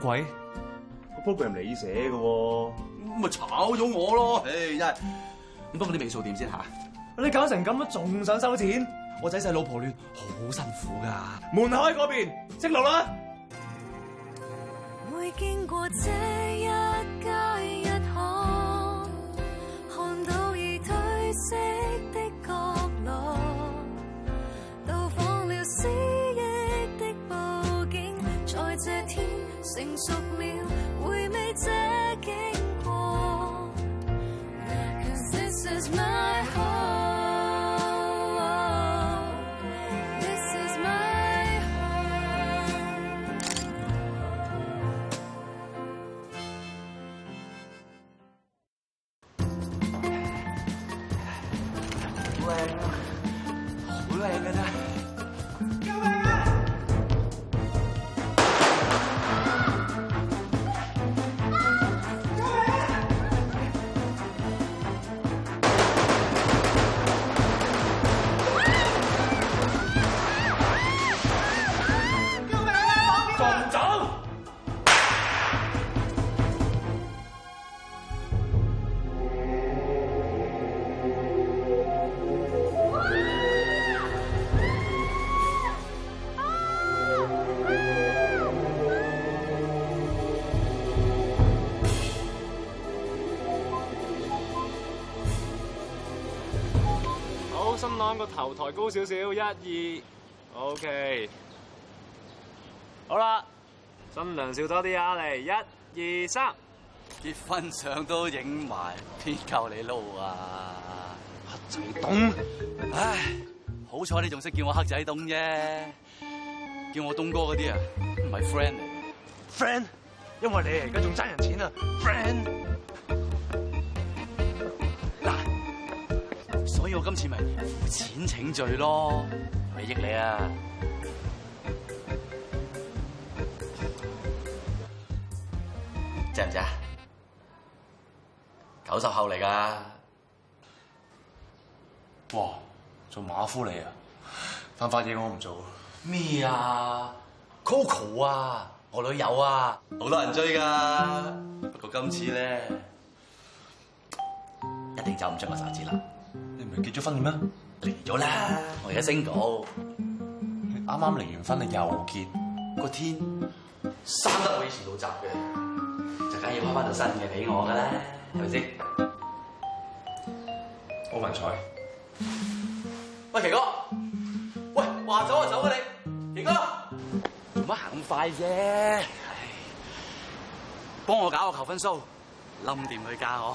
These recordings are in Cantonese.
鬼，個 program 你寫嘅喎，咪炒咗我咯！唉，真係咁。不過啲尾數點先吓！你搞成咁樣仲想收錢？我仔細老婆亂，好辛苦噶。門口嗰邊，識路啦！會經過這一成熟。將個頭抬高少少，一二，OK，好啦，新娘笑多啲啊嚟，一二三，結婚相都影埋，邊夠你撈啊，黑仔東，唉、哎，好彩你仲識叫我黑仔東啫，叫我東哥嗰啲啊，唔係 friend，friend，因為你而家仲爭人錢啊，friend。我今次咪付錢請罪咯，咪益你啊？正唔正？九十後嚟噶，哇！做馬夫嚟啊？犯法嘢我唔做。咩啊？Coco 啊，我女友啊，好多人追噶。不過今次咧，一定走唔出我手指啦。結咗婚嘅咩？離咗啦，我而家升到，啱啱離完婚啊又結，個天，三萬歲以前老雜嘅，就梗要搵翻條新嘅俾我噶啦，係咪先？歐文彩，喂奇哥，喂話走啊走啊你，奇哥，做乜行咁快啫，唉，幫我搞個求婚 show，冧掂佢嫁我。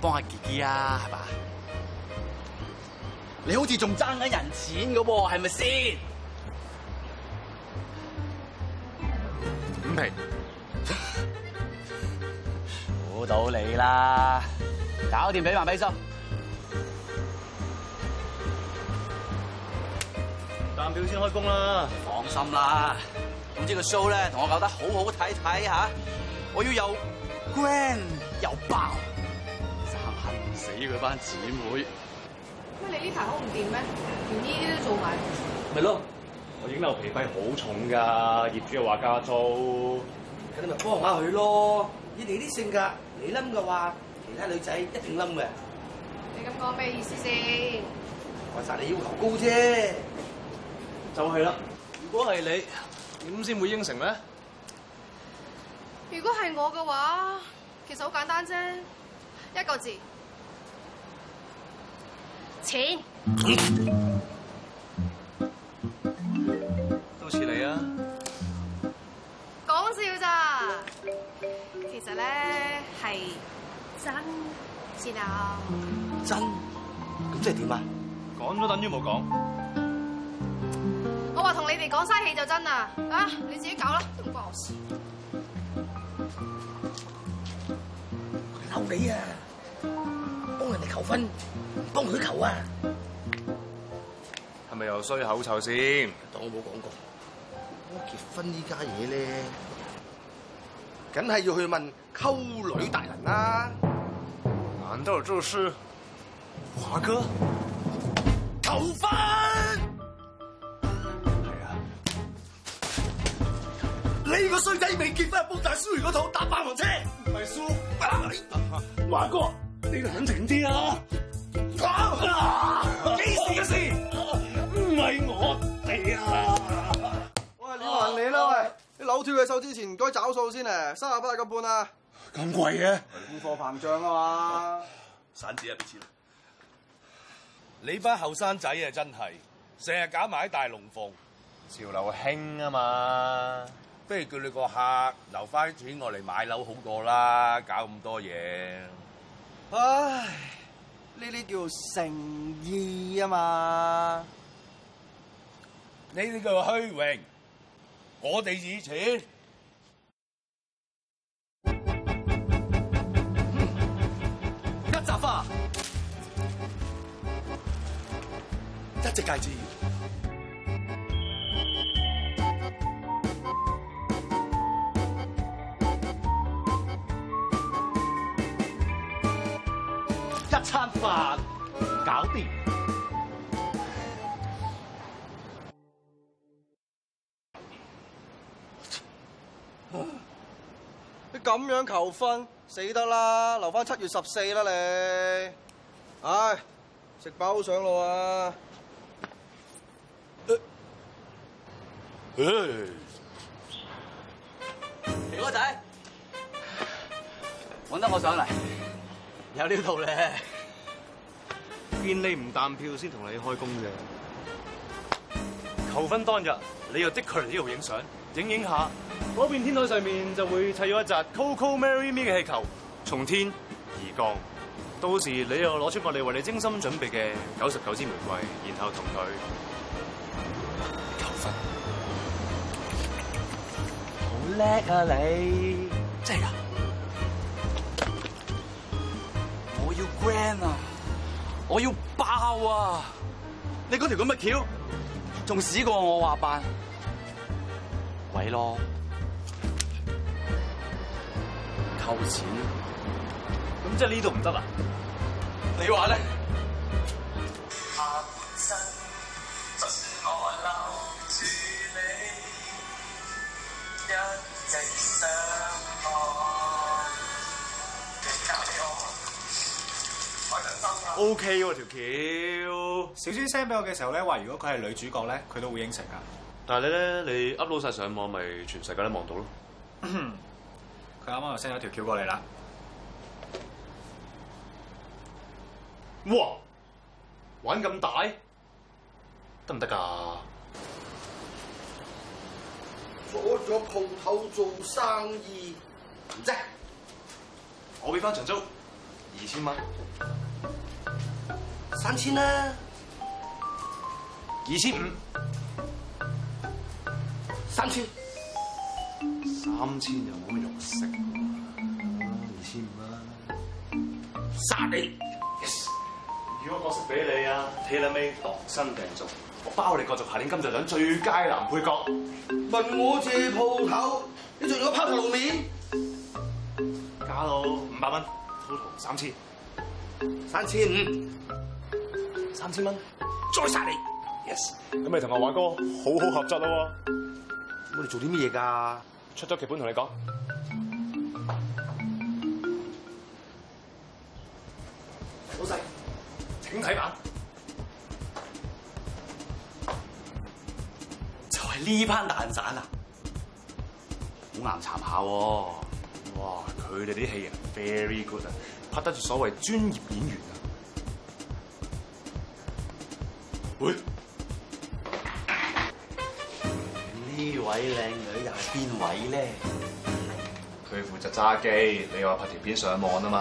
幫下傑傑啊，係嘛？你好似仲爭緊人錢噶喎，係咪先？唔平，估 到你啦！搞掂比還比心訂表先開工啦！放心啦，咁呢個 show 咧同我搞得好好睇睇嚇，我要有 grand 有爆。死佢班姊妹！乜你呢排好唔掂咩？連呢啲都做埋，咪咯！我影樓皮費好重噶，業主又話加租，咁咪幫下佢咯。以你啲性格，你冧嘅話，其他女仔一定冧嘅。你咁講咩意思先？我話晒你要求高啫， 就係啦。如果係你，點先會應承咧？如果係我嘅話，其實好簡單啫，一個字。錢都似你啊！講笑咋？其實咧係真事啦。真？咁即係點啊？講都等於冇講。我話同你哋講嘥氣就真啦，啊！你自己搞啦，都唔關我事。撈你啊！幫人哋求婚。嗯幫佢求啊，係咪又衰口臭先？當我冇講過。我結婚家呢家嘢咧，梗係要去問溝女大人啦、啊。難道就是華哥求婚？係啊，你個衰仔未結婚，幫大孫嗰套搭霸王車，唔係蘇爸。華哥，你冷靜啲啊！搞啦，幾時嘅事？唔係我哋啊，我係李文你啦喂。你扭跳嘅手之前，唔該找數先咧，三十八個半啊。咁貴嘅？通貨膨脹啊嘛。散紙啊，別錢。你班後生仔啊，真係成日搞埋啲大龍鳳。潮流興啊嘛，不如叫你個客留翻啲錢過嚟買樓好過啦，搞咁多嘢。唉。呢啲叫誠意啊嘛，呢啲叫虛榮。我哋以前、嗯、一集花，一隻戒指。快搞掂！你咁樣求婚，死得啦！留返七月十四啦，你！唉，食飽上路啊！誒、哎，肥哥仔，揾得我上嚟，有呢套咧。見你唔彈票先同你開工嘅。求婚當日，你又即刻嚟呢度影相，影影下。嗰邊天台上面就會砌咗一紮 “Coco Marry Me” 嘅氣球，從天而降。到時你又攞出我哋為你精心準備嘅九十九支玫瑰，然後同佢求婚。好叻啊！你真係啊！我要 grande 啊！我要爆啊！你嗰條咁嘅橋，仲使過我話扮鬼咯！扣錢，咁即係呢度唔得啦？你話咧？O K 喎，條橋，小娟 send 俾我嘅時候咧，話如果佢係女主角咧，佢都會應承啊。但係你咧，你 upload 曬上網咪全世界都望到咯。佢啱啱又 send 咗條橋過嚟啦。哇！玩咁大得唔得噶？阻咗鋪頭做生意，唔使我俾翻場租。二千蚊，三千啦，二千五，三千，三千又冇乜用食，二千五啦，沙你！Yes. 如果我食俾你啊，睇啦咩，量身定做，我包你角逐下年金像獎最佳男配角，問我借鋪頭，你仲要我拋頭露面，加到五百蚊。三千，三千五，三千蚊，再殺你！Yes，咁咪同阿華哥好好合作咯。我哋做啲咩嘢噶？出咗劇本同你講，老細，請睇版！就係呢班蛋散啊！好難查下，哇！佢哋啲戲啊，very good 啊，拍得住所謂專業演員啊。喂，這位女哪位呢位靚女又係邊位咧？佢負責揸機，你話拍條片上網啊嘛。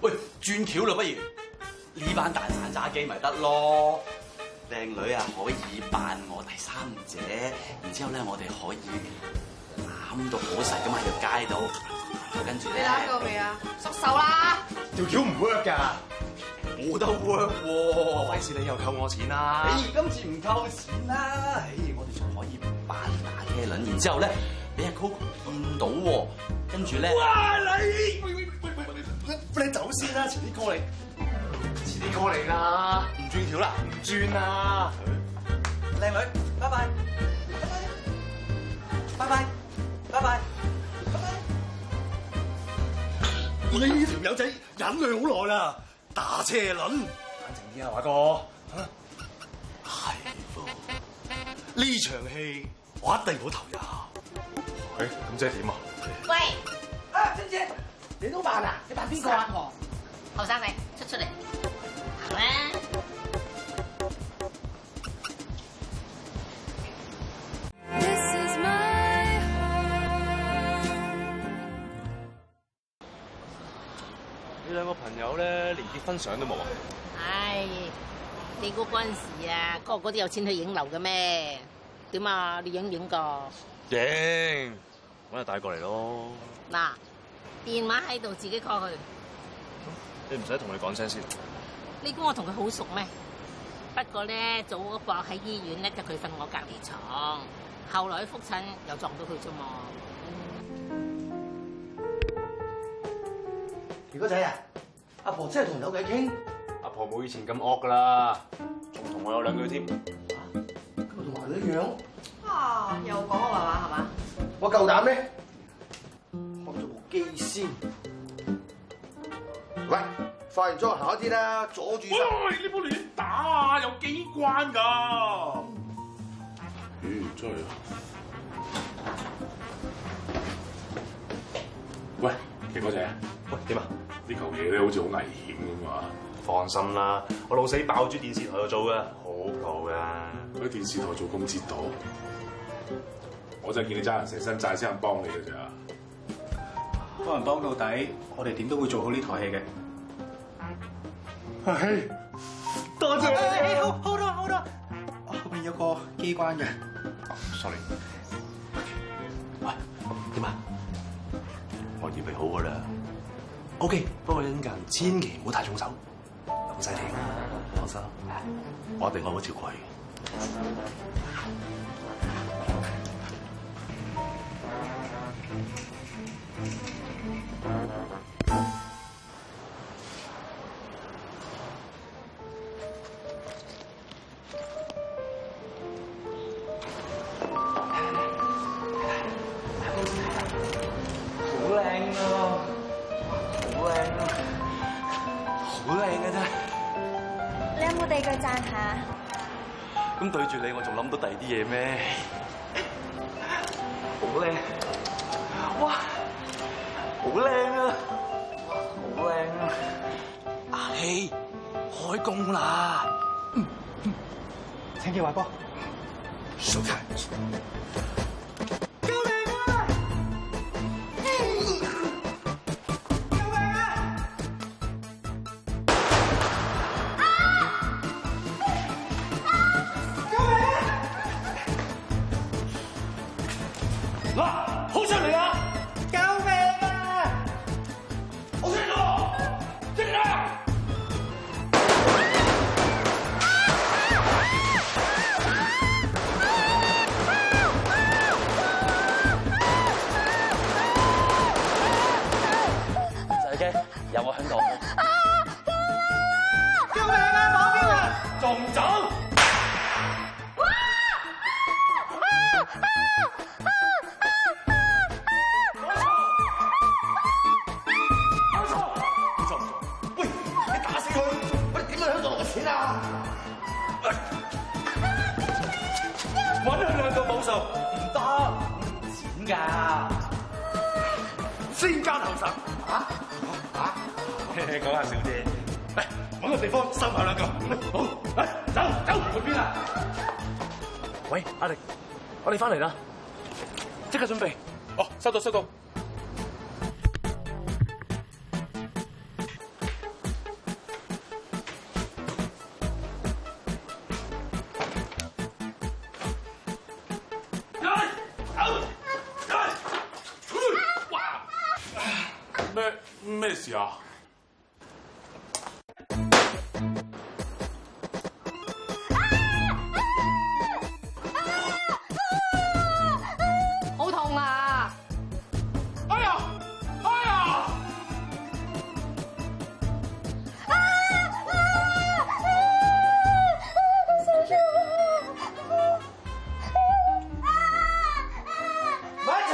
喂，轉橋咯，不如呢班蛋散揸機咪得咯？靚女啊，可以扮我第三者，然之後咧，我哋可以啱到好實噉喺條街度。你拉到未啊？縮手啦！條橋唔 work 㗎，冇得 work 喎。費事你又扣我錢啦、哎哎！你今次唔扣錢啦！唉，我哋仲可以扮打車輪然之後咧俾阿 Coco 見到喎，跟住咧。哇！你，喂，喂喂喂你先走先啦，遲啲過嚟，遲啲過嚟啦，唔轉條啦，唔轉啦！靚女，拜拜，拜拜，拜拜，拜拜。你呢條友仔忍佢好耐啦，打車輪。眼靜啲呀，華哥，係 呢場戲我一定好投入。誒、哎，咁即係點啊？喂，啊，姐，你都扮啊？你扮邊個啊？婆後生仔出出嚟。結婚相都冇啊！唉，你估嗰陣時啊，個個都有錢去影樓嘅咩？點啊，你影唔影過？影，搵日帶過嚟咯。嗱，電話喺度，自己過去。你唔使同佢講聲先。你估我同佢好熟咩？不過咧，早嗰個喺醫院咧，就佢瞓我隔籬床，後來去復診又撞到佢啫嘛。麒哥仔啊！阿婆真係同你有偈傾，阿婆冇以前咁惡噶啦，仲同我有兩句添。今同埋你樣啊，又講我話話係嘛？我夠膽咩？我做部機先，喂，化完妝一啲啦，阻住喂。喂，你冇亂打啊，有機關㗎。咦，真係喂，傑哥仔啊，喂，點啊？呢嚿嘢咧好似好危險㗎嘛，放心啦，我老死爆住電視台度做嘅，可靠嘅。喺電視台做咁折墮，我就見你爭人成身債先肯幫你嘅咋？幫人幫到底，我哋點都會做好呢台戲嘅。阿曦，多謝。好好多好多，後邊有個機關嘅。Sorry。喂，點啊？我預備好嘅啦。O.K.，不過一陣間千祈唔好太重手，好犀利。放心，定我哋愛好照顧。對住你，我仲諗到第二啲嘢咩？好靚，哇！好靚啊！哇！好靚啊！阿曦，開工啦，嗯！嗯，請記華哥。收看翻嚟啦！即刻準備。哦，收到收到。來、啊，來、啊，來、啊，咩咩事啊？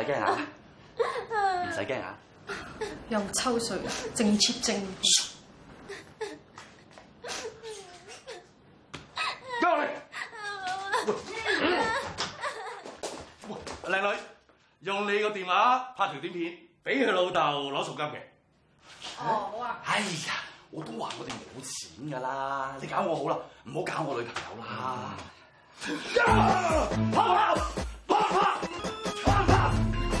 唔使驚吓，唔使驚吓。又抽水，正切正。交嚟。喂，靚女，用你個電話拍條短片，俾佢老豆攞贖金嘅。哦，好啊。哎呀，我都話我哋冇錢噶啦，你搞我好啦，唔好搞我女朋友啦。喂啊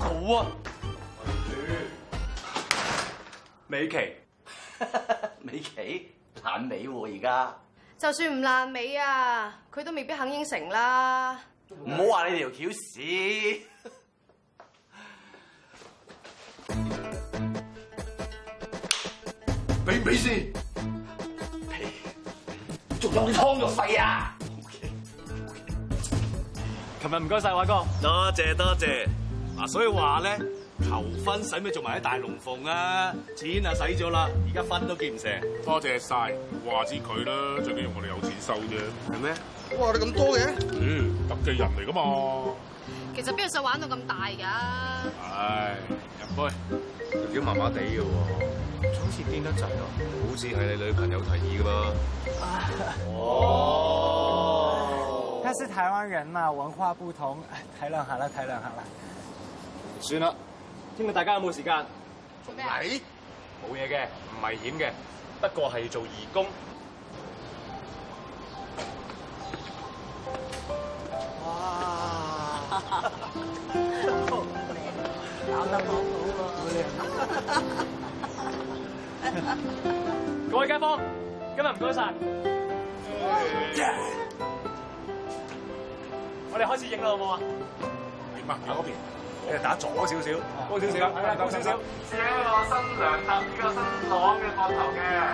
好啊！喂住，美琪，美琪爛尾喎，而 家就算唔爛尾啊，佢都未必肯應承啦。唔好話你條橋屎，俾美先，仲有湯就廢啊！琴日唔該晒，華哥，多謝多謝。謝謝。嗱，所以話咧，求婚使唔使做埋啲大龍鳳啊？錢啊，使咗啦，而家婚都結唔成。多謝晒，話之佢啦，最緊要我哋有錢收啫。係咩？哇，你咁多嘅？嗯，特技人嚟㗎嘛？其實邊度想玩到咁大㗎？唉，入去，條表麻麻地嘅喎，好似癲得滯咯。好似係你女朋友提議嘅嘛？哦，但係台灣人嘛，文化不同，體諒下啦，體諒下啦。算啦，聽日大家有冇時間？做咩？冇嘢嘅，唔危險嘅，不過係做義工。哇！好好、啊、好，各位街坊，今日唔該晒，我哋開始影啦，好冇啊好？喺麥芽嗰邊。你打左少少，多少少，多少少，試下一個新娘搭呢個新郎嘅膊頭嘅，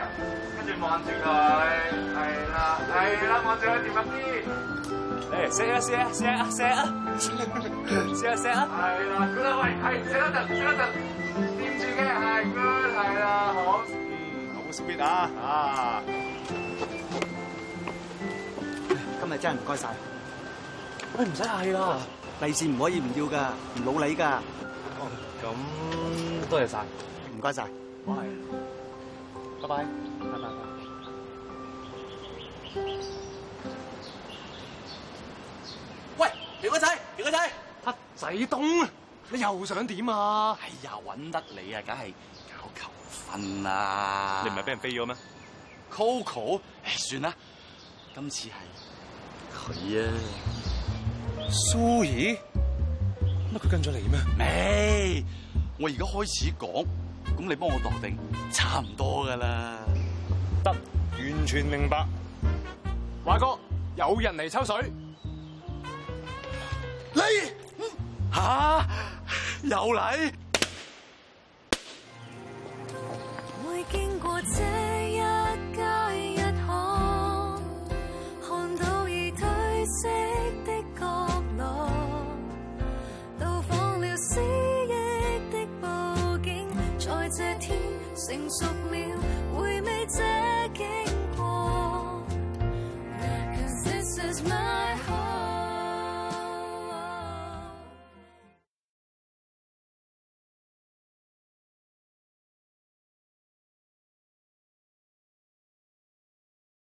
跟住望住佢，係啦，係啦，望住佢掂一啲，嚟錫啊錫啊錫啊錫啊，錫啊錫啊，係啦，good 喂，係，錫得準，錫得準，掂住嘅，係，good，係啦，好，嗯，好 sweet 啊，啊，今日真係唔該曬，喂，唔使客氣啦。利是唔可以唔要噶，唔老你噶。咁、哦、多謝晒，唔該晒。我係，拜拜。拜拜。喂，表哥仔，表哥仔，黑仔東，你又想點啊？哎呀，揾得你啊，梗係搞求婚啦！你唔係俾人飛咗咩？Coco，唉、哎，算啦，今次係佢啊。蘇怡，乜佢跟咗嚟咩？未，我而家開始講，咁你幫我度定，差唔多噶啦。得，完全明白。華哥，有人嚟抽水。你，吓、嗯啊，又嚟。